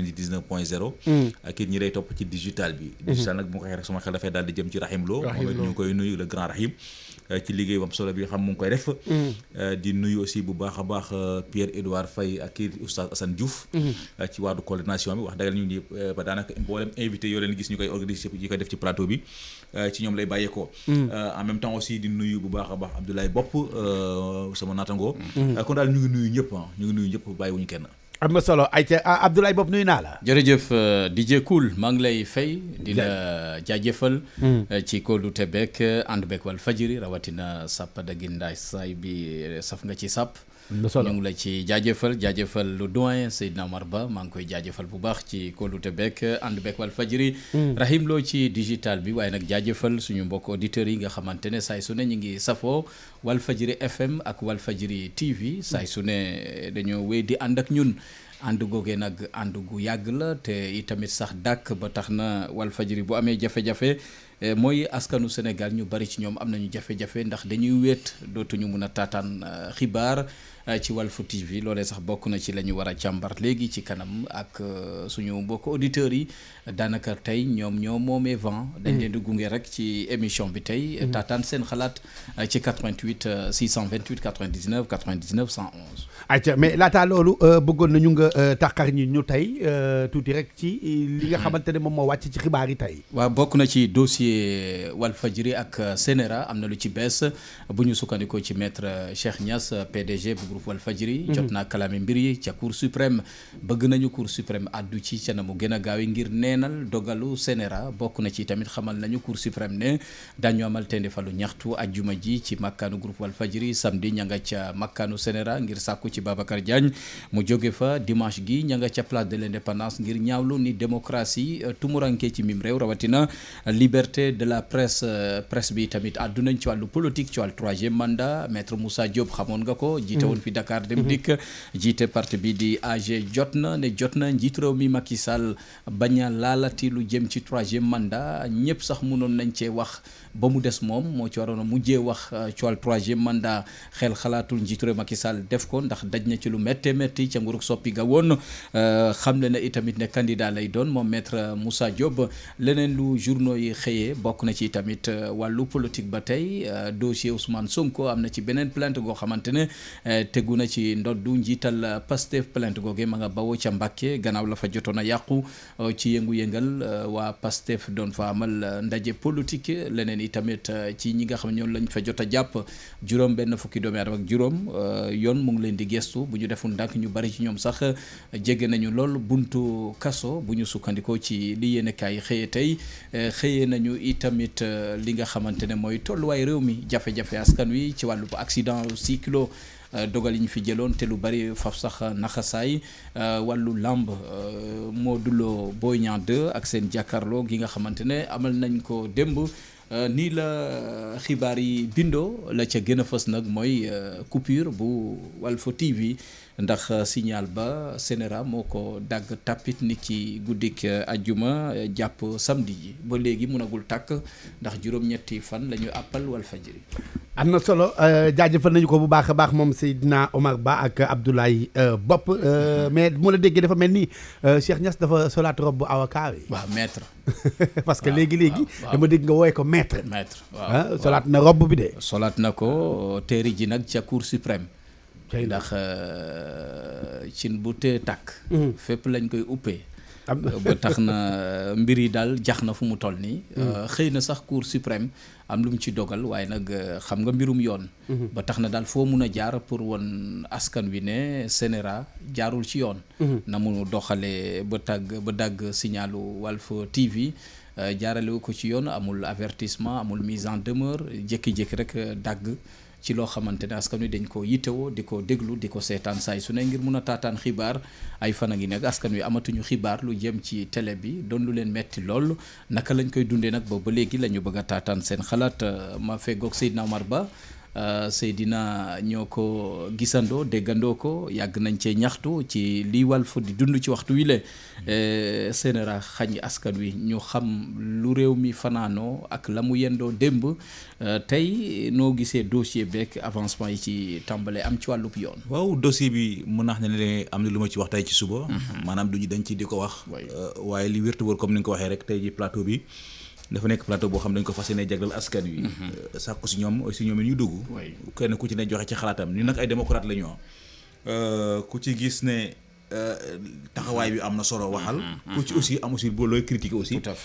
99 point 0. Mm. ak it ñi lay topp ci digital bi. Mm-hmm. digital nag bu ma ko waxee rek sama xel dafay daal di jëm ci Rahim Lo. Rahim Lo moom it ngi koy nuyu le grand Rahim. Euh, ci liggéey bu am solo bi nga xam mu ngi koy def. Mm. Euh, di nuyu bu baax a baax euh, Pierre Édouard Faye ak kii oustaz Assane Diouf. Mm-hmm. ci wàllu coordination bi wax dëgg ñu ñëpp mm. di nuyu bu baax a baax Abdoulaye Bopp sama naatangoo. kon daal ñu ngi nuyu ñëpp ah, ñu ngi kenn. am na solo ayca ah, Abdoulaye Bob nuyu naa la. jërëjëf euh, DJ Cool maa ngi lay fay. di la jaajëfal. Hmm. Euh, ci kóolute beeg euh, ànd beeg Walfadjri rawatina sàpp dagin ndaay saay bi saf nga ci sàpp. ñu ngi la ci jaajëfal jaajëfal lu doyen Seydina Omar Ba maa ngi koy jaajëfal bu baax ci kóolute beek ànd beek wal fajiri hmm. loo ci digital bi waaye nag jaajëfal suñu mbokk auditeurs yi nga xamante ne saay su ne ñu ngi safoo Walfadjri FM ak Walfadjri TV saay su ne dañoo wéy di ànd ak ñun ànd googee nag ànd gu yàgg la te itamit sax dàkk ba tax na Walfadjri bu amee jafe-jafe eh, mooy askanu Sénégal ñu bari ci ñoom am nañu jafe-jafe ndax dañuy wéet dootuñu mun a taataan eh, xibaar Euh, ci Walfu TV loole sax bokk na ci la ñu war a càmbar léegi ci kanam ak euh, suñu mbokk auditeurs yi daanaka tey ñoom ñoo moomee vent dañ leen di mm. gunge rek ci émission bi tey mm. taataan seen xalaat euh, ci 88 628 99 99 111 ayca mais laataa loolu bëggoon nañu nga taxar ñi ñu tey tuuti rek ci li nga mm. xamante ne moom moo wàcc ci xibaar yi tey waa bokk na ci dossier fajiri ak Sénéra am na lu ci bees bu ñu sukkandikoo ci maître Cheikh Niass PDG groupe Walfadjri mhm. jot naa kalaame mbir yi ca cour suprême bëgg nañu cour suprême addu ci ca na mu gën a gaawe ngir neenal dogalu sénéra bokk na ci tamit xamal nañu cour suprême ne dañu amal tende falu ñaxtu ajjuma ji ci makkaanu groupe Walfadjri samedi ña nga ca makkaanu sénéra ngir sàkku ci Babacar Diagne mu jóge fa dimanche gi ña nga ca place de l'indépendance ngir ñaawlu ni démocratie euh, tumuranke ci mim réew rawatina liberté de la presse euh, presse bi tamit àddunañ ci wàllu politique ci wàllu troisième depuis Dakar dem mhm. dikk jiite parte bi di AG jot na ne jot na njiit réew mi Macky Sall bañ laalati lu jëm ci troisième manda ñëpp sax munoon nañ cee wax ba mu des moom moo ci waroon a mujjee wax euh, ci wàllu troisième mandat xel xalaatul njiit réew Sall def ko ndax daj na ci lu méttee métti ca nguurug soppi ga woon euh, xam le na itamit ne candidat lay doon moom maître euh, Moussa Diop leneen lu journaux yi xëyee bokk na ci tamit wàllu politique ba tey dossier Ousmane Sonko am na ci beneen plainte goo xamante tegu na ci ndoddu njiital euh, Pastef plainte googe ma nga bawoo ca Mbàkke gannaaw la fa jotoon a yàqu euh, ci yëngu-yëngal euh, waa Pastef doon fa amal ndaje politique leneen itamit ci ñi nga xam ñoom lañ fa jot a jàpp juróom benn fukki doomi aadama ak juróom yoon mu ngi leen di gestu bu ñu deful ndànk ñu bari ci ñoom sax jege nañu lool buntu kaso bu ñu sukkandikoo ci li yéen kaay xëye tey xëyee nañu itamit li nga xamante ne mooy tolluwaay réew mi jafe-jafe askan wi ci wàllu accident cyclo Euh, dogal yi ñu fi jëloon te lu bari faf sax naxasaay euh, wàllu làmb euh, Modou Lo Boy Niang ak seen jàkkarloo gi nga xamante ne amal nañ ko démb nii la xibaar yi bindoo la ca gën a fës nag mooy coupure bu Walf TV ndax euh, signal ba sénéra moo ko dagg tàppit ni ki guddik euh, ajjuma euh, jàpp samedi ji ba léegi munagul tàkk ndax juróom-ñetti fan la ñu àppal Walfadjri am na solo jaajëfal nañu ko bu baax a baax moom naa Omar Ba ak Abdoulaye Bopp mais bu ma la déggee dafa mel ni Cheikh Niass dafa solaat robe bu avocat bi waaw maître parce que léegi léegi dama dégg nga wooye ko maître maître waaw ah, solaat na robb bi de solaat na ko teeri ji nag ca Cour suprême ndax euh, cin bu tee tàkk hmm. lañ koy uppee ba tax na euh, mbir yi daal jax na fu mu toll nii hmm. euh, xëy na sax cour suprême am lu mu ci dogal waaye nag xam nga mbirum yoon hmm. ba tax na daal foo mun a jaar pour won askan wi ne sénéra jaarul ci yoon na mu doxalee ba dagg ba dagg signalu Walf TV jaarale ko ci yoon amul avertissement amul mise en demeure jékki-jékki rek dagg ci loo xamante ne askan wi dañ koo yittewoo di ko déglu di ko seetaan saay su ne ngir mun a taataan xibaar ay fan a ngi nekk askan wi amatuñu xibaar lu jëm ci télé bi doon lu leen metti lool naka lañ koy dundee nag boobu ba léegi la ñu bëgg a taataan seen xalaat ma feggoog Seydina Omar Ba Euh, Seydina ñoo ko gisandoo déggandoo ko yàgg nañ cee ñaxtu ci lii Walf di dund ci waxtu wi le euh, sénéra xañ askan wi ñu xam lu réew mi fanaanoo ak la mu yendoo démb euh, tey noo gisee dossier bekk avancement yi ci tàmbale am ci wàllub yoon waaw dossier bi mën naa na ne am na lu ma ci wax tey ci suba mhm. maanaam duñu dañ ci di ko wax waaye li wértu wër comme ni nga ko waxee rek tey ji plateau bi dafa nekk plateau boo xam dañ ko fas yéene jagleel askan wi. Mhm. Euh, sàkku si ñoom aussi ñoom it ñu dugg. kenn ku ci ne joxe ci xalaatam ñu nag ay démocrate la ñu ah. euh, ku ci gis ne. Euh, taxawaay bi am na solo waxal. Mm-hmm. Mm-hmm. ku ci aussi am aussi boo looy critiquer aussi. tout à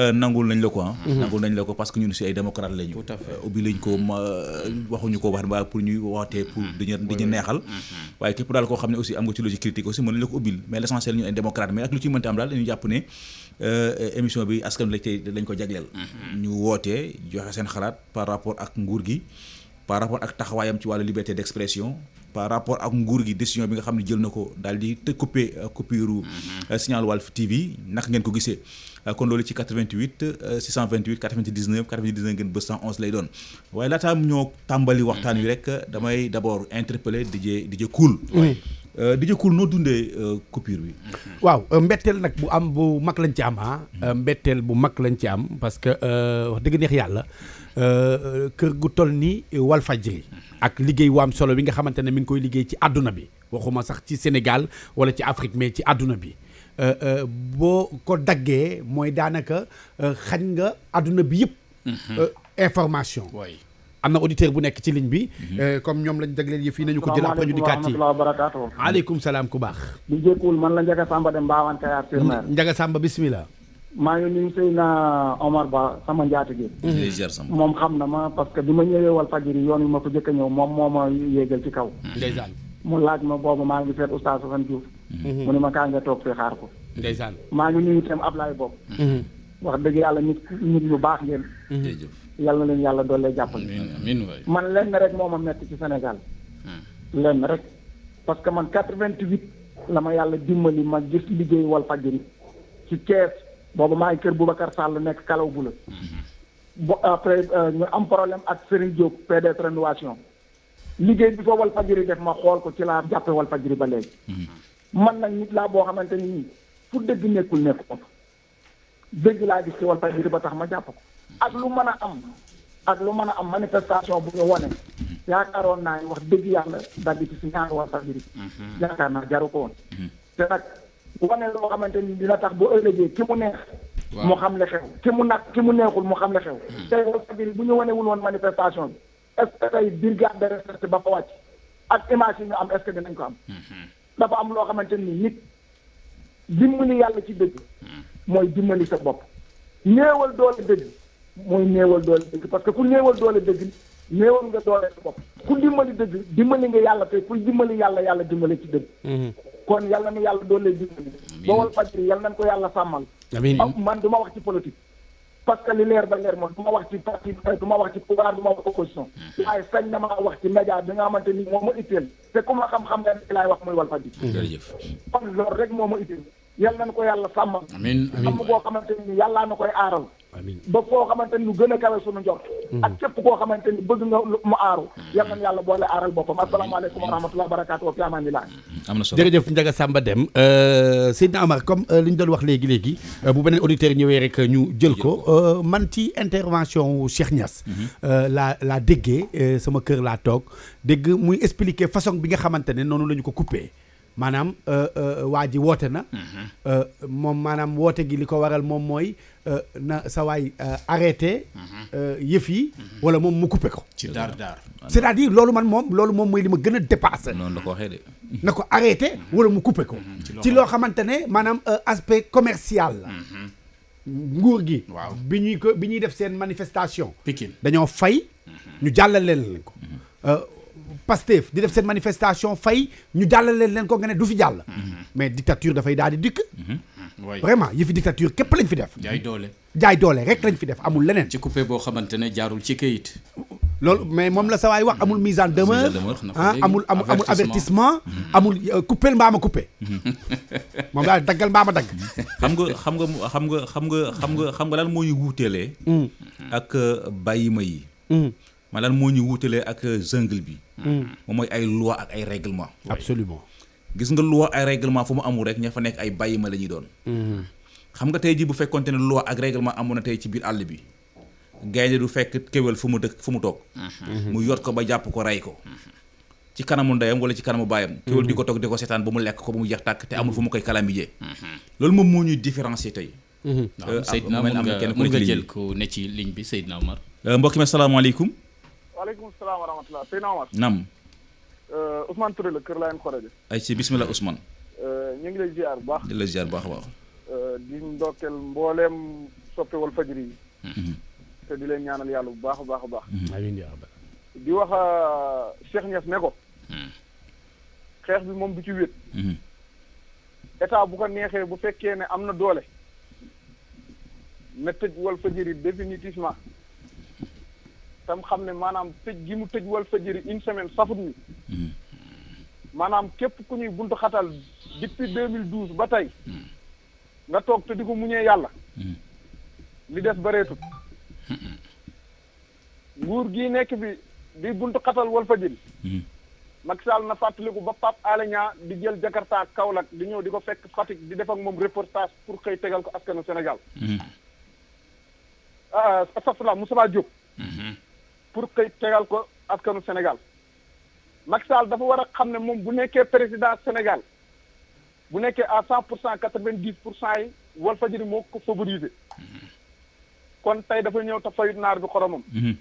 euh, nañ la ko ah. Mm-hmm. nangul la ko parce que ñun si ay démocrate lañu. tout à fait euh, ko wax ba pour ñuy wootee pour dañu dañu neexal. waaye képp daal koo xam ne aussi am nga ci logique critique aussi mën nañ la ko ubbil mais l' essentiel ay démocrate mais ak lu ci mënti am daal dañu jàpp ne émission bi askan bi lañ ko jagleel. ñu wootee joxe seen xalaat par rapport ak nguur gi par rapport ak taxawaayam ci wàllu liberté d' par rapport ak nguur gi décision bi nga xam ne jël na ko daal di te coupé euh, coupure mm-hmm. euh, signal Walf TV naka ngeen ko gisee euh, kon loolu ci 88 628 99 99 ngeen ba 111 lay doon waaye laataam ñoo tàmbali waxtaan wi mm-hmm. rek damay d'abord interpeller DJ DJ Cool DJ Cool noo dundee coupure bi mm-hmm. waaw mbetteel nag bu am bu mag lañ ci am ah mbetteel bu mag lañ ci am parce que wax dëgg neex yàlla Euh, kër gu toll ni Walfajri ak liggéey waam solo bi nga xamante ne mi ngi koy liggéey ci àdduna bi waxuma sax ci Sénégal wala ci Afrique mais ci àdduna bi euh, euh, boo ko daggee mooy daanaka xañ nga àdduna bi yëpp mhm. information am na auditeur bu nekk ci ligne bi mhm. comme ñoom lañ jagleel yëf yi nañu ko jël après ñu dikkaat ci waaleykum salaam ku baax bu man la Njaga Samba dem Mbaawaan Kayaar bismillah maa ngi nuyu Seyna Omar Ba sama njaatige. Mm-hmm. moom xam na ma parce que bi ma ñëwee wal fajiri yoon wi ma ko jëkk a ñëw moom moo ma yéegal ci kaw. Mm-hmm. ndeysaan mu laaj ma boobu maa ngi feet oustaz Sofane Diouf. Mm-hmm. mu ne ma kaa nga toog fi xaar ko. maa ngi nuyu ab laay Bob. wax dëgg yàlla nit nit baax ngeen. yal na leen yàlla doole jàppale. man lenn rek moo ma metti ci senegal mm. lenn rek parce que man 88 la ma yàlla dimbali ma gis liggéey wal fajiri ci Thiès. boobu maa ngi kër Boubacar Sall nekk kalaw bu la bo euh, après euh, ñu am problème ak Serigne Diop PDS rénovation liggéey bi fa wal fajiri def ma xool ko ci laa jàppe wal fajiri ba léegi man nag nit laa boo xamante ni nii fu dëgg nekkul nekk ko dëgg laa gis ci wal ba tax ma jàpp ko ak lu mën a am ak lu mën a am manifestation bu ñu wane yaakaaroon naa ñu wax dëgg yàlla daldi ci si ñaari mhm. yaakaar naa jaru ko woon mhm. te nag wane loo xamante ni dina tax bu ëllëgee ki mu neex. mu xam le xew ki mu nag ki mu neexul mu xam le xew. Hmm. tey loolu bu ñu wanewul woon manifestation bi est ay que tey brigade de ba fa wàcc ak image yi ñu am est-ce que dinañ ko am. Hmm. dafa am loo xamante ni nit dimbali yàlla ci dëgg. Hmm. mooy dimbali sa bopp. néewal doole dëgg mooy néewal doole dëgg parce que ku néewal doole dëgg néewal nga doole sa bopp ku dimbali dëgg dimbali nga yàlla tey ku dimbali yàlla yàlla dimbali ci dëgg. kon yàlla na yàlla doon lay dimbali ba wal fajri yàlla nañ ko yàlla sàmmal man du ma wax ci politique parce que li leer ba leer moom du ma wax ci parti du ma wax ci pouvoir du ma wax opposition mm. waaye sañ na maa wax ci média bi nga xamante ni moo ma itteel te ku ma xam-xam nga wax muy wal fajri mm. kon loolu rek moo ma itteel yàlla nañ ko yàlla sàmmal am boo xamante ni yàllaa na koy aaral ba koo xamante ni lu gën a kawe suñu njort hmm. ak képp koo xamante ni bëgg nga mu aaru hmm. yal yàlla boole aaral boppam hmm. asalaamaaleykum wa rahmatulah barakaatu wa fi amaani laa am na solo jërëjëf sàmba dem Deme euh, Seydina Amar comme euh, li ñu doon wax léegi léegi euh, bu beneen auditeur ñëwee rek ñu jël ko man ci intervention Cheikh Niass mm-hmm. laa laa déggee sama kër laa toog dégg muy expliquer façon bi nga xamante ne noonu la ñu ko coupé maanaam euh, euh, waa ji woote na. Mhm. Euh, moom maanaam woote gi li ko waral moom mooy na sa waay arrêté. Mhm. yëf yi. Mhm. wala moom mu coupé ko. ci daar daar. c'est-à-dire loolu man moom loolu moom mooy li ma gën a dépassé. noonu la ko waxee de. na ko arrêté wala mu coupé ko. ci loo xamante ne maanaam aspect commercial la. nguur gi. waaw bi ñuy ko bi ñuy def seen manifestation. Pikine dañoo fay. ñu jàllale leen ko. Pastef di def seen manifestation fay ñu jàllale leen ko nga ne du fi jàll. mais dictature dafay daal di dikk. vraiment yëfi dictature képp lañ fi def. jaay doole jaay doole rek lañ fi def amul leneen. ci coupé boo xamante ne jaarul ci kayit. loolu mais moom la sa wax amul mise en demeure ah amul amul amul avertissement amul euh, coupé mbaama coupé moom daal daggal mbaama dagg xam nga xam nga xam nga xam nga xam nga xam nga lan moo ñu wuutelee hmm. ak euh, bàyyima yi hmm. ma lan moo ñu wuutalee ak euh, jungle bi. Hmm. moom mooy ay loi ak ay règlement. absolument gis nga loi ay règlement fu mu amul rek ña fa nekk ay bàyyi ma la ñuy doon. Hmm. xam nga tey jii bu fekkonte ne loi ak règlement amoon tey ci biir àll bi. gaynde du fekk kéwél fu mu dëkk fu mu toog. Hmm. mu yot ko ba jàpp ko rey ko. ci kanamu ndeyam wala ci kanamu baayam. kéwél di ko toog di ko seetaan ba mu lekk ko ba mu jeex tàkk te amul fu mu koy calamité. loolu moom moo ñuy différencier tey. Euh, Seydina mën nga mën nga jël ko ne ci ligne bi Seydina mi euh, asalaamaaleykum. waaleykum salaam a rahmatulah Seydina Omar. naam. Euh, Ousmane Touré la Kër Laayeen Xorede. ay si bisimilah Ousmane. Euh, ñu ngi lay ziar bu baax. di la ziar baax a euh, di ndokkeel mbooleem soppe wal fajri mhm. te di leen ñaanal yàlla bu baax a baax a baax. Mhm. amiin di wax Cheikh Niass ne ko. Mhm. xeex bi moom du ci wéet. état bu ko neexee bu fekkee ne am na doole. na tëj wal fajri définitivement. tam xam ne maanaam tëj gi mu tëj wal fajiri une semaine safut ni maanaam képp ku ñuy buntu xatal depuis 2012 ba tey nga toog te di ko muñee yàlla li des bareetul nguur gii nekk bi di buntu xatal wal fajiri Macky na fàttaliku ba Pape Alé Niang di jël Jakarta Kaolack di ñëw di ko fekk Fatick di def ak moom reportage pour xëy tegal ko askanu Sénégal hmm. ah, ah safla Moussa Diop hmm. pour kayit tegal ko askanu Sénégal Macky Sall dafa war a xam ne moom bu nekkee président Sénégal bu nekkee à cent pour cent quatre vingt dix pour cent yi Walfadjri moo ko favoriser kon tey dafa ñëw te fayut naar bi xoromam mhm.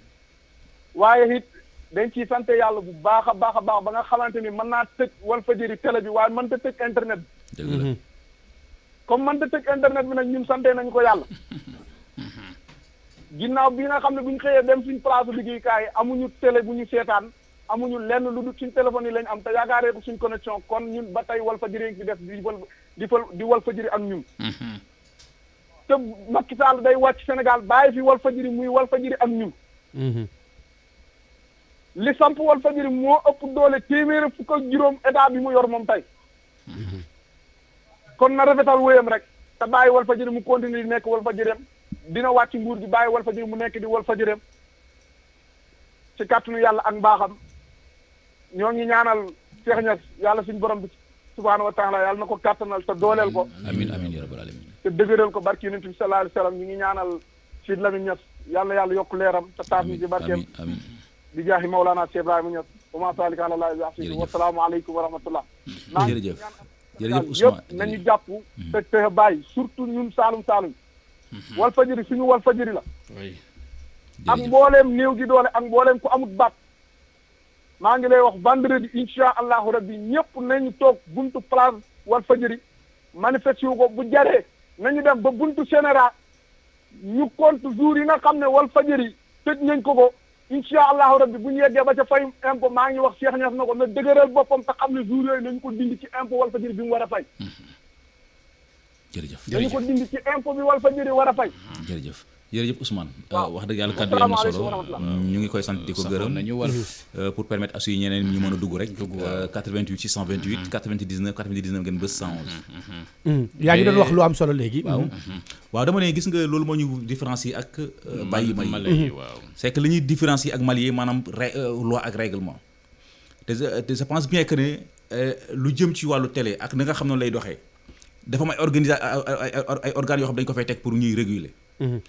waaye it dañ ciy sante yàlla bu baax a baax a baax ba nga xamante ni mën naa tëj Walfadjri télé bi waaye mënta tëj internet bi comme mënta tëj internet bi nag ñun sante nañ ko yàlla ginnaaw bi nga xam ne bu ñu xëyee dem suñ liggéey liggéeykaay amuñu tele bu ñu seetaan amuñu lenn lu dul suñ téléphone yi am te yaakaaree ko suñ connexion kon ñun ba tey Walfadjri ngi fi def di wal di fal di Walfadjri ak ñun mm-hmm. te Macky Sall day wàcc Sénégal bàyyi fi Walfadjri muy Walfadjri ak ñun mm-hmm. li samp Walfadjri moo ëpp doole téeméeri fukk ak juróom état bi mu yor moom tey mm-hmm. kon na rafetal wéyam rek te bàyyi Walfadjri mu continuer di nekk wal Walfadjri dina wàcc nguur gi bàyyi wal fajiri mu nekk di wal fajireem ci kàttanu yàlla ak mbaaxam ñoo ngi ñaanal Cheikh Niass yàlla suñu borom bi subhaanahu wa taala yàlla na ko kàttanal te dooleel ko amiin amiin ya ko barki yonent bi sallallahu alayhi wa sallam ñu ngi ñaanal Sidi Lamine Niass yàlla yàlla yokk leeram te taat ñu ci barkeem di jaaxi Mawlana Cheikh Ibrahima Niass wa maa saalika ala llaahi bi wa salaamu aleykum wa rahmatullah jërëjëf jàpp te te bàyyi surtout saalum saalum Mhm. wal fajiri suñu wal fajiri la. ak mbooleem néew gi doole ak mbooleem ku amut bat maa ngi lay wax vendredi incha allahu rabbi ñëpp nañu toog buntu place wal fajiri manifesté wu ko jare jaree nañu dem ba buntu général ñu compte jour yi nga xam ne wal fajiri tëj nañ ko ko incha allahu rabbi bu ñu yeggee ba ca fay impôt maa ngi wax Cheikh Niass na ko na dëgëral boppam te xam ne jour yooyu nañu ko dindi ci impôt wal fajiri bi mu war a fay. Mhm. jërëjëf dañu ko dindi ci a fay hmm. jërëjëf jërëjëf Ousmane euh, wax dëgg yàlla kàddu yi am solo hmm, ñu ngi koy sant di ko gërëm wal hmm. euh, pour permettre asu yi ñeneen ñu mën a dugg rek 88 628 99 99 ngeen bës 111 yaa ngi doon wax lu am solo léegi waaw dama ne gis nga loolu moo ñu différencier ak bàyyi ma yi waaw c'est que li ñuy différence yi ak mal yi maanaam euh, loi ak règlement te je pense bien que ne lu jëm ci wàllu télé ak na nga xam ne lay doxee dafa am ay organisa ay organes yoo xam dañ ko fay teg pour ñuy réguler. Mhm.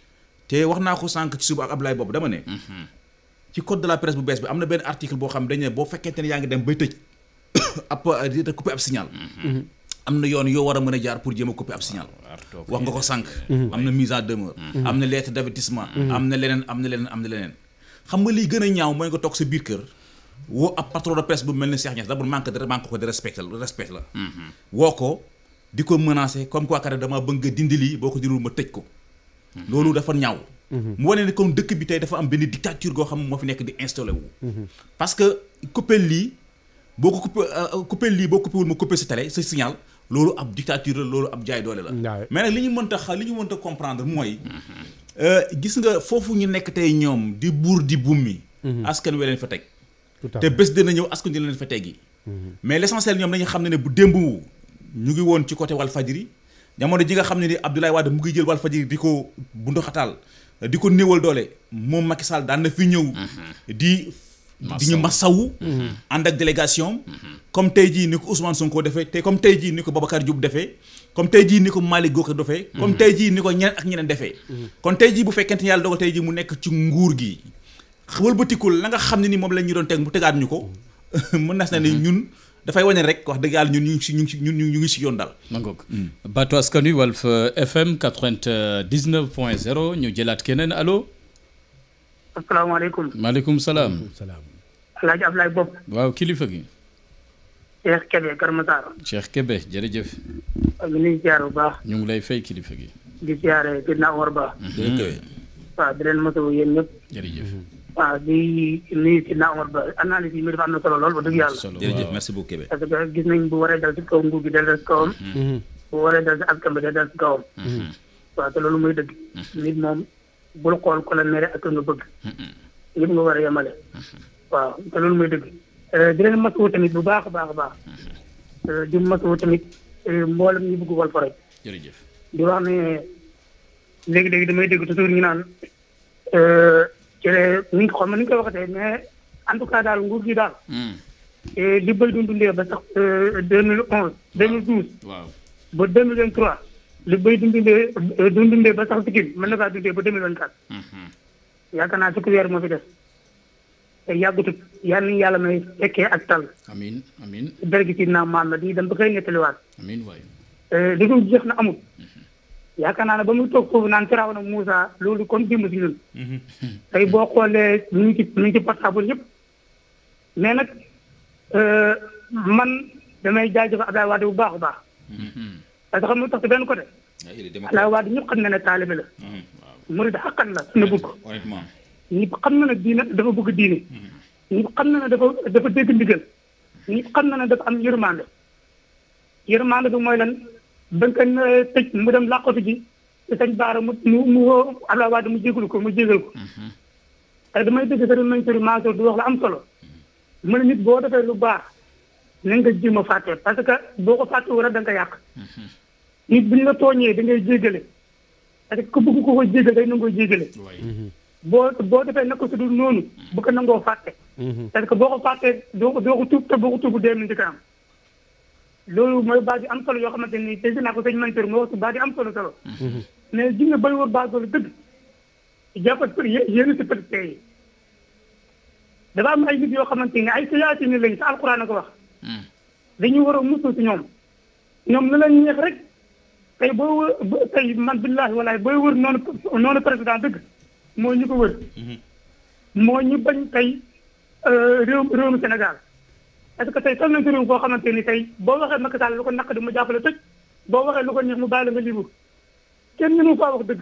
te wax naa ko sànq ci suba ak Ablaye boobu dama ne. Mhm. ci code de la presse bu bees bi am na benn article boo xam dañ ne boo fekkente ne yaa ngi dem bay tëj ab euh, mhm. na yoon yoo war a mën a jaar pour jéem a couper ab signal. Ah, wax nga ko sànq. am na mise en demeure. am na lettre d'avertissement. am na leneen am na leneen am na leneen. xam nga lii gën a ñaaw mooy nga toog sa biir kër. woo ab patron de presse bu mel ne Cheikh Niass d'abord manque manque de respect di ko menacer comme quoi a dama bëgg nga dindi lii boo ko dindul ma tëj ko. loolu dafa ñaaw. Mhm. mu wane ne comme dëkk bi tey dafa am benn dictature goo xam moo fi nekk di installé mhm. parce que coupé lii boo ko coupé euh, euh, coupé lii boo coupé wul ma coupé loolu ab dictature la loolu mais li ñu mënta xa li ñu mënta comprendre mooy. Mhm. Euh, gis nga foofu ñu nekk tey ñoom di buur di mi askan wi leen fa teg. te bés dina ñëw askan wi leen fa teg yi mais l' essentiel ñoom dañu xam ne ne bu démb. ñu ngi woon ci côté Walfadjri jamono ji nga xam ne ni Abdoulaye Wade mu ngi jël Walfadjri di ko bunduxataal di ko néewal doole moom Macky Sall daan na fi ñëw. Mhm. di ma ñu masawu. Mhm. ànd ak délégation mhm. comme tey jii ni ko Ousmane Sonko defee te comme tey jii ni ko Babacar Diop defee. comme tey jii ni ko Malick Gakou defee. comme tey jii ni ko ñeneen ak ñeneen defee. kon tey jii bu fekkente ni yàlla dogal tey jii mu nekk ci nguur gi. wëlbatikul la nga xam ne ni moom la ñu doon teg mu tegaat ñu ko mën na ne ñun. dafay wane rek wax dëgg yàlla ñun ñu ngi si ñu ngi si ñu ngi si yoon daal. ma ngoog mm. baatu askan wi Walf euh, FM 99 point jëlaat keneen allo. asalaamaaleykum. maaleykum salaam. El Hadj Abdoulaye Bopp. waaw kilifa gi. Cheikh Kébé Kër Massar. Cheikh Kébé jërëjëf. ñu ngi ziar bu baax. ñu ngi lay fay kilifa gi. di ziare Gidna Omar Ba. jërëjëf. Mm-hmm. waaw di leen mosawu yéen ñëpp. jërëjëf. Mm-hmm. waaw di nuyu si Naoumar Ba analyse yi mu def am na solo lool ba dëgg yàlla. jërëjëf merci beaucoup Kébé. parce que gis nañ bu waree dal si kaw nguur gi dal dal si kawam. Mm-hmm. Mm-hmm. bu waree dal si askan bi dal si kawam. Mm-hmm. waaw te loolu muy dëgg. nit moom bul xool ko la mere ak nga bëgg. ñëpp nga war a yemale. waaw te loolu muy dëgg. Euh, di leen masawu tamit bu baax a baax a baax. Euh, di tamit euh, mboolem ñi bëgg Walf rek. jërëjëf di wax ne léegi-léegi damay dégg toujours ñu naan. ci ni nga xam ne ni nga koy waxatee mais en tout cas daal nguur gi daal. li hmm. e bëri doon dundee ba sax e, deux mille onze deux mille douze. waaw ba deux mille vingt trois li bëri doon dundee e, doon ba sax sikkin mën na kaa dundee ba deux mille vingt quatre. Hmm. yaakaar naa fukki weer moo fi des. te yàggatut yal nañu yàlla may fekkee ak tal. amiin amiin. dara gi ci maam la di dem ba koy nettaliwaat. amiin waay. jeex na amul. Hmm. yaakaar naa ne ba mu toog foofu naan Firawna ak Moussa loolu kon démb si ñun. Mhm. tey boo xoolee ñu ngi ci ñu portable yëpp. mais nag euh, man damay jaajëfal Abdoulaye Wade bu baax a baax. Mhm. parce que xam nga tax si benn côté. Ah, na ne taalibe la. Mhm, murid xaqan la na bëgg. ñëpp xam dafa bëgg diine. ñëpp xam na ne dafa dafa dégg ndigal. ñëpp xam na ne dafa am yërmande. yërmande bi mooy lan. dañ ko tëj mu dem làqatu ji te sëñ Baara mu mu mu woo Abdoulaye Wade mu jégalu ko mu jégal ko. Mhm. te damay dégg sëriñ Mansour Mansour du wax la am solo. mu ne nit boo defee lu baax na nga jéem a fàtte parce que boo ko fàtte wala da nga yàq. Mhm. nit bu ñu la tooñee da ngay jégale. parce que ku bëgg ko ko jégal day nangoo jégale. Mhm. boo boo defee naka su dul noonu. bu ko nangoo fàtte. parce que boo ko fàttee doo ko doo ko tuub te boo ko tuubu dee mën di ko am. loolu mooy base yu am solo yoo xamante ni tey naa ko sëñ Mansour moo wax si base yu am solo solo. Mhm. mais ji nga bëri woon base loolu dëgg. jàppat pour yéen si pédicure yi. dafa am ay nit yoo xamante ni ay siyaasi ni lañ sa alxuraan a ko wax. Mhm. dañu war a musu si ñoom. ñoom la la ñeex rek tey boo wë tey man billaahi walaay booy wër noonu noonu président dëgg moo ñu ko wër. Mhm. moo ñu bañ tey euh, réew réewum Sénégal. parce que tey toll nañ ci réew boo xamante ni tey boo waxee Macky Sall lu ko naqari mu jàppale tëj boo waxee lu ko neex mu bàyyi la nga libre kenn ñu mu faa wax dëgg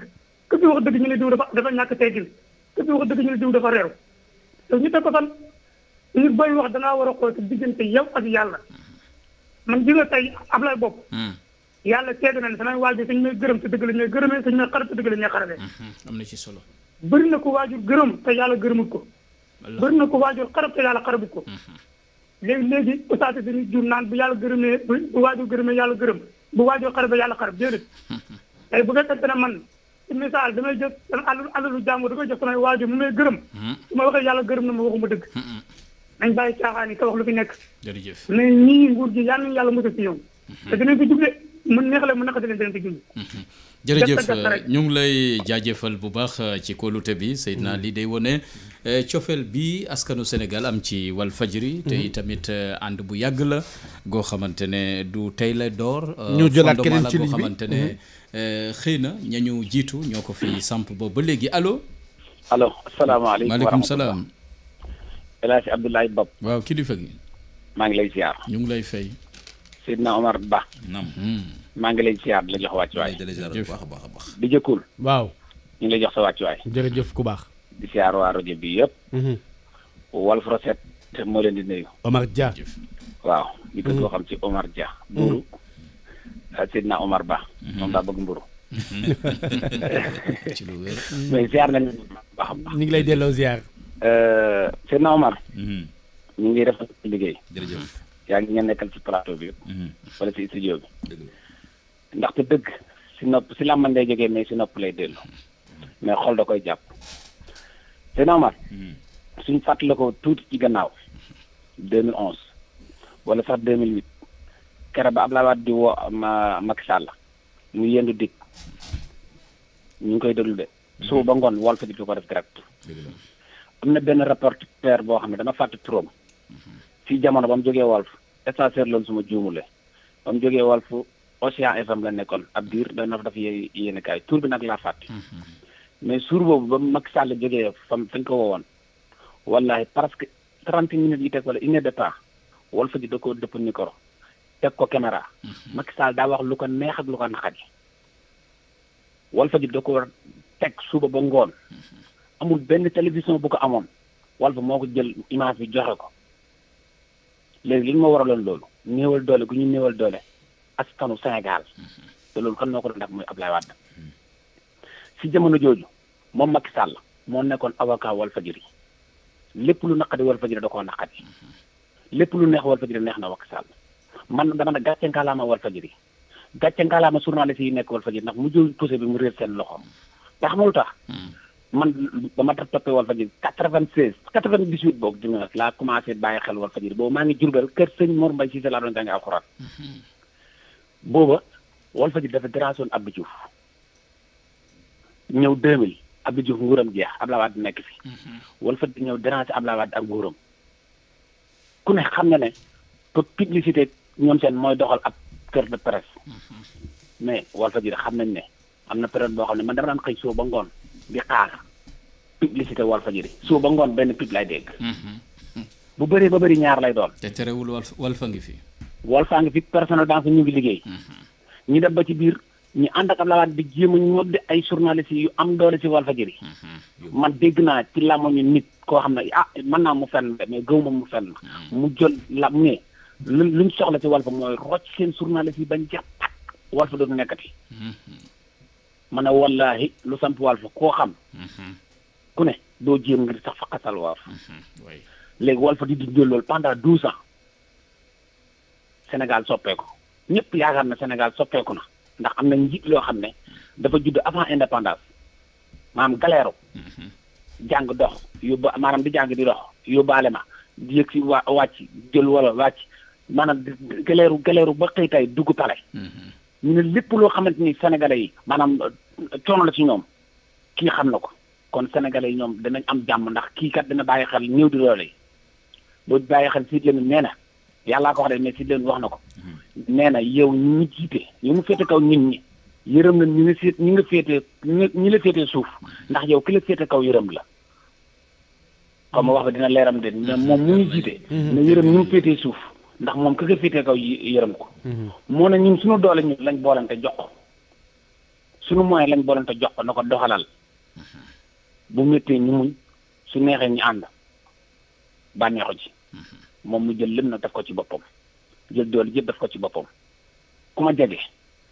ku wax dëgg ñu ne diw dafa dafa ñàkk te ku fi wax dëgg ñu diw dafa réew te ñu teg ko fan nit booy wax dangaa war a xool ci diggante yaw ak yàlla man ji nga tey Ablaye bopp hmm. yàlla teeg na ne samay waajur suñ may gërëm te dëgg la ñuy gërëm suñ may xarit te dëgg la ñuy xaritee hmm, am na ci ko waajur gërëm te yàlla gërëmut ko bëri na ko waajur xarab te yàlla xarabut ko hmm, léegi léegi ustaate dañuy jur naan bu yàlla gërëmee bu waajoo gërëmee yàlla gërëm bu waajoo xarab yàlla xarab déedéet tey bu fekkente ne man ci misaal damay jëf sama lu alalu jàmbur damay jëf samay waajoo mu may gërëm hmm. su ma waxee yàlla gërëm na ma waxuma dëgg hmm, hmm. nañ bàyyi caaxaan yi te wax lu fi nekk jërëjëf mais ñii nguur gi yàlla nañu yàlla mos a si ñoom te dinañ fi juble mu neex la mu naqati leen dinañ fi juble jërëjëf ñu ngi lay jaajëfal bu baax uh, ci kóolute bi Seydina lii day wone Eh, cofeel bi askanu Sénégal am ci wal fajri te mhm. itamit eh, ànd bu yàgg la goo xamante ne du tey la door eh, ñu jëlaat keneen ci ligne xamante ne mhm. xëy na ñañu jiitu ñoo ko fi samp boobu ba léegi alo allo asalaamaaleykum maaleykum salaam El Hadj Abdoulaye Bob waaw kilifa gi maa ngi lay ziar ñu ngi lay fay Seydina Omar Ba naam maa ngi lay ziar la jox wàcc wàccuwaay di jëkkul waaw ñu lay jox sa wàccuwaay jërëjëf ku baax di siyaar waa rajo bi yëpp. Mhm. Walf Rosette moo leen di nuyu. Omar Dia. waaw ñu gën koo mhm. xam ci Omar Dia. Mhm. Ah, ba. moom daa bëgg mburu ci lu wér. mais nañu a baax. ngi lay delloo ziar. Euh, Seydina Omar. ñu ngi def liggéey. jërëjëf yaa ngi ngeen nekkal ci plateau bi yëpp. wala ci studio bi. ndaxte dëgg si nopp si làmman lay jógee mais si nopp lay dellu mais xol da koy jàpp. Seydina Omar hmm. suñ fàttali ko tuuti ci gannaaw 2011 wala sax 2008 keroog ba Abdoulaye Wade di woo Macky Sall mu yendu dikk ñu ngi koy déglu de hmm. suba ba ngoon Walf di ko def direct hmm. am na benn reporter boo xam ne dama fàtte turam fii jamono ba mu jógee Walf stagiaire loolu suma juumule ba mu jógee Walf Océan FM la nekkoon ab diir dana fa daf yéene kaay tur bi nag laa fàtte mais suur boobu ba Macky Sall jógee fam fañ ko woowoon wallahi presque trente minutes yi teg wala une de temps Walf ji da koo dëpp micro teg ko caméra. Mhm. Macky Sall daa wax lu ko neex ak lu ko naqari. Walf ji da koo teg suba ba ngoon mhm. amul benn télévision bu ko amoon Walf moo ko jël image bi joxe ko léegi li ñu ma waraloon loolu néewal doole ku ñu néewal doole askanu Sénégal mhm. te loolu kan noo ko doon def muy Ablaye Wade. si jamono jooju moom Macky Sall moo nekkoon avocat Walfadjri lépp lu naqadi Walfadjri da koo naqadi lépp lu neex Walfadjri neex na Macky Sall man dama ne gàcce ngalaama Walfadjri gàcce ngalaama journaliste yi nekk Walfadjri ndax mu jël poussé bi mu réer seen loxoom ndax xamul tax man dama daf toppee Walfadjri quatre-vingt-seize quatre-vingt-dix-huit boog di laa commencé bàyyi xel Walfadjri boobu maa ngi Jurbel kër sëñ Mor Mbaye sa laa doon jàng alxuraan mhm. booba Walfadjri dafa grâce woon ñëw 2000 Abdou Diouf nguuram jeex Abdoulaye Wade nekk fi. Mhm. Walf Fadjri ñëw déranger Abdoulaye Wade ak nguuram. ku ne xam na ne pour publicité ñoom seen mooy doxal ab kër de presse. Mhm. mais Walf Fadjri xam nañ ne am na période boo xam ne man dama daan xëy suba ba ngoon di xaar publicité Walf Fadjri suba ba ngoon benn pub lay dégg. Mhm. bu bëree ba bëri ñaar lay doon. te terewul Walf Walf a ngi fi. Walf a ngi fi personnel dans ñu ngi liggéey. ñu dem ba ci biir. ñu ànd ak Abdoulaye Wade di jéem a ñoddi ay journaliste yu am doole ci Walfadjri mhm. man dégg naa ci làmmiñu nit koo xam ne ah naa mu fenn mais gëw ma mu fenn mhm. mu jël la mu ne lu luñ soxla ci Walf mooy rocc seen journaliste yi bañ jàppat Walf dootu nekkati mhm. ma ne wallaahi lu sant Walf koo xam ku ne doo jéem ngir sax faqasal Walf léegi Walf di dundee loolu pendant douze ans Sénégal soppeeku ñëpp yaakaar na Sénégal soppeeku na ndax am na njiit loo xam ne dafa judd avant indépendance maam galeeru jàng dox yóbba maanaam di jàng di dox yóbbaale ma di yëg si wa wàcc jël wala wàcc maanaam galeeru galeeru ba xëy tay dugg pale ñu ne lépp loo xamante ni sénégalais yi maanaam euh, coono la ci ñoom kii xam na ko kon sénégalais yi ñoom danañ am jàmm ndax kii kat dana bàyyi xel néew di doole yi boo bàyyi xel siit la nee na yàllaa ko wax de mais si leen wax na ko mhm. nee na yow ñi ñu jiite yow mu féete kaw nit ñi yërëm na ñu nga seet ñi nga féete ñi la féete suuf ndax yow ki la féete kaw yërëm la xaw ma wax ba dina leeram de mais moom mu ñu jiite mhm. na yërëm ñu mu féetee suuf ndax moom ki nga féete kaw yërëm ko mhm. moo ne ñun suñu doole ñu lañ boolante jox ko suñu moyen lañ boolante jox ko na ko doxalal bu méttee ñu muñ su neexee ñu ànd bànneexu ci moom mu jël lim na def ko ci boppam jël doole yëpp def ko ci boppam ku ma jege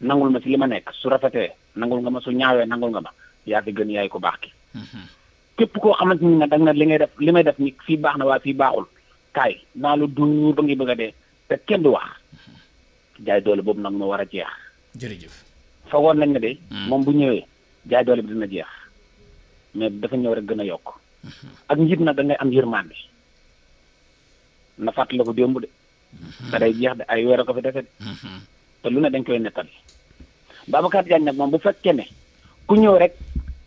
nangul ma si li ma nekk su rafetee nangul nga ma su ñaawee nangul nga ma yaa fi gën yaay ko baax ki mm-hmm. képp koo xamante ni nag da na li ngay def li may def ni fii baax na waa fii baaxul kaay naa lu duur ba ngi bëgg a dee kenn du wax mm-hmm. jaay doole boobu nag moo war a jeex. jërëjëf fa woon nañ ne de. Mm. moom bu ñëwee jaay doole bi dina jeex mais dafa ñëw rek gën a yokk. Mm-hmm. ak njiit nag da ngay am yërmande. na fàttali ko de. Mhm. te day jeex de ay weer a ko fi mhm. te lu ne dañ koy nettali. Babacar Diagne nag moom bu fekkee ne ku ñëw rek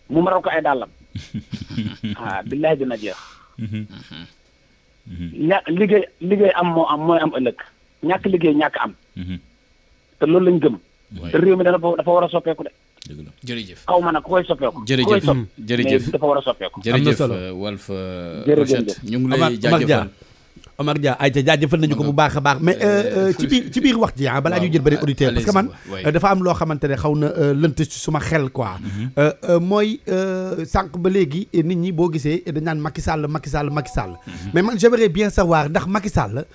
mu maral ko ay dàllam. ah billaay dina jeex. Mhm. ña liggéey liggéey am moo am mooy am ëllëg ñàkk liggéey ñàkk am. te loolu lañ gëm. te réew mi dafa dafa war a soppeeku de. jërëjëf xaw ma nag ku koy soppeeku. jërëjëf ku koy soppeeku dafa war a soppeeku. am na solo euh, jërëjëf Walf. ñu ngi lay jaajëfal Omar Dia ayca jaajëfal nañu ko bu baax a baax mais euh, euh, euh, ci biir ci biir wax ji ah balaa ñuy jël bëri auditeur parce que man dafa am loo xamante ne xaw na lënt ci suma xel quoi mm-hmm. mooy sànq ba léegi nit ñi boo gisee dañ naan Macky Sall Macky Sall Macky mm-hmm. mais man j'aimerais bien savoir ndax Macky Sall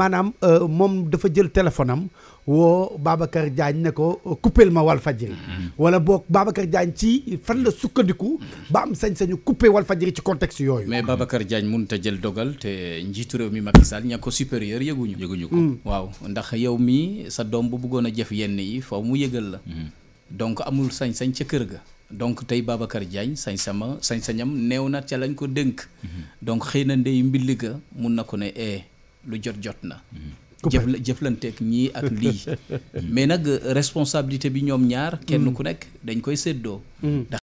maanaam moom dafa jël téléphone am woo Babacar jaañ ne ko coupél ma Walfadjri mm-hmm. wala boog Babacar Diagne ci fan la sukkandiku ba am sañ-sañu coupé Walfadjri ci contexte yooyu mais Babacar jaañ mënut a jël dogal te njiitu réew mi Macky Sall ña ko supérieur yëguñu yëguñu ko mm. waaw ndax yow mii sa doom bu bëggoon a jëf yenn yi faw mu yëgal la mm-hmm. donc amul sañ-sañ ca kër ga donc tey Babacar Diagne sañ sama sañ-sañam neew na ca lañ ko dénk mm-hmm. donc xëy na ndey mbilli ga mun na ko ne ee eh, lu jot jot na jëf jëflanteeg ñii ak lii mais nag responsabilité bi ñoom ñaar kenn ku nekk dañ koy séddoo hmm.